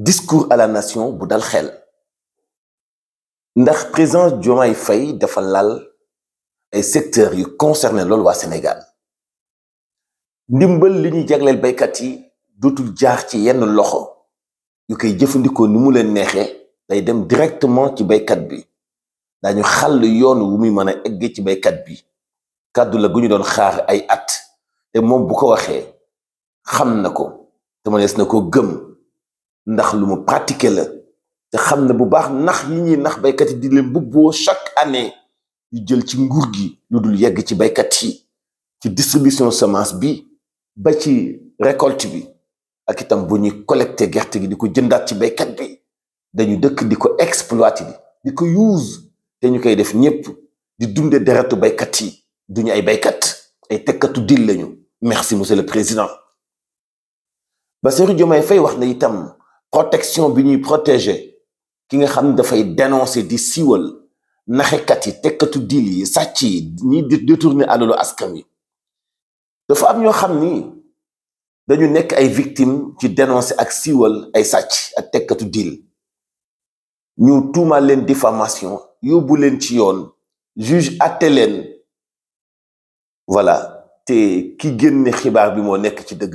discours à la nation bu dal xel ndax présence djomay fay dafa lal ay secteurs yu concerné Sénégal ndimbal Nous avons baykat yi dootul jaar ci yenn loxo yu kay ni mu leen nous day dem directement ci baykat bi dañu nous yoon wu muy mëna ci baykat bi la Nous xaar ay at té mom bu ko waxé xam na ndax lu mu pratiquer la te xam na bu baax nax yi ñuy nax baykat yi di leen bubboo chaque année yu jël ci nguur gi lu dul yegg ci baykat yi ci distribution semence bi ba ci récolte bi ak itam bu ñuy collecter gerte gi di ko jëndaat ci baykat bi dañu dëkk di ko exploiter di ko use te ñu koy def ñëpp di dunde deretu baykat yi duñu ay baykat ay tekkatu dil lañu merci monsieur le président Bassirou Diomaye Faye wax na itam protection bi ñuy protéger ki nga xam fay dénoncer di siiwal naxekat yi tekkatu diil yi yi détourner askan yi dafa am ñoo xam dañu nekk ay victimes ci dénoncer ak ay ak tekatu dil ñu tout leen diffamation yóbbu leen ci juge voilà te ki génne xibaar bi moo ci dëgg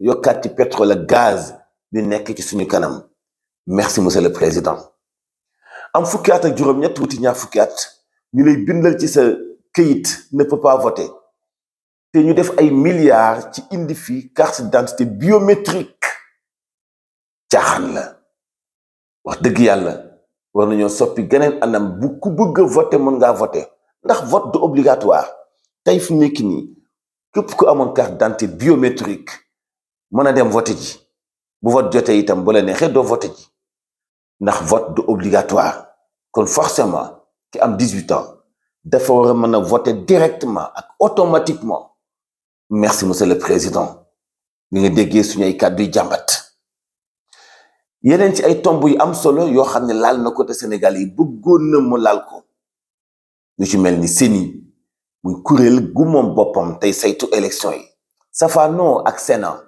yokkaati pétrole gaz bi nek ci suñu kanam merci monsieur le président am fukki at ak juróom-ñett wuti ñaar fukki at ñu lay bindal ci sa keuyit ne peut pas voter te ñu def ay milliards ci indi fi carte d'identité biométrique caaxaan la wax deug yalla war nañu soppi geneen anam bu ku bëgg voter mën nga voter ndax vote du obligatoire tey fi nekk nii képp ku carte d'identité biométrique mën a dem vote ji bu vote jotee itam bu la neexee doo vote ji ndax vote du obligatoire kon forcément ki am 18 ans dafa war a voter directement ak automatiquement merci monsieur le président li nga déggee suñu ay cadre yu jàmbat yeneen ci ay tomb yu am solo yo xam lal na ko te Sénégal yi bëggoon na mu laal ko lu ci melni ni muy kuréel gu moom boppam tey saytu élection yi non ak Sénat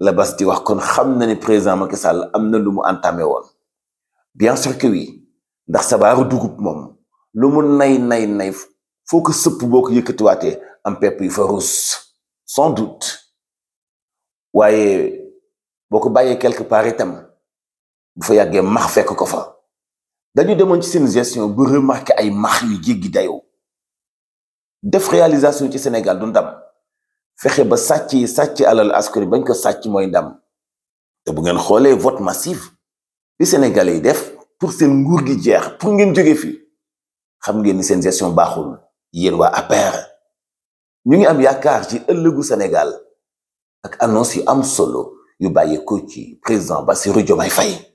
la basti di wax kon xam na ne président Macky Sall am na lu mu entamé bien sûr que oui ndax que dugub mom lu mu nay nay nay ko am yu sans doute waye boko quelque part itam bu fa max fekk ko fa dañu ci gestion ay max jéggi def réalisation ci Sénégal ndam fexe ba sàcc yi sàcc alal askuri bañ ko sàcc mooy ndam te bu ngeen xoolee vote massif bi Sénégalais yi def pour seen nguur gi jeex pour ngeen jóge fi xam ngeen ni seen gestion baaxul yéen waa APR ñu ngi am yaakaar ci ëllëgu Sénégal ak annonce yu am solo yu bàyyeekoo ci président Bassirou Diomaye fay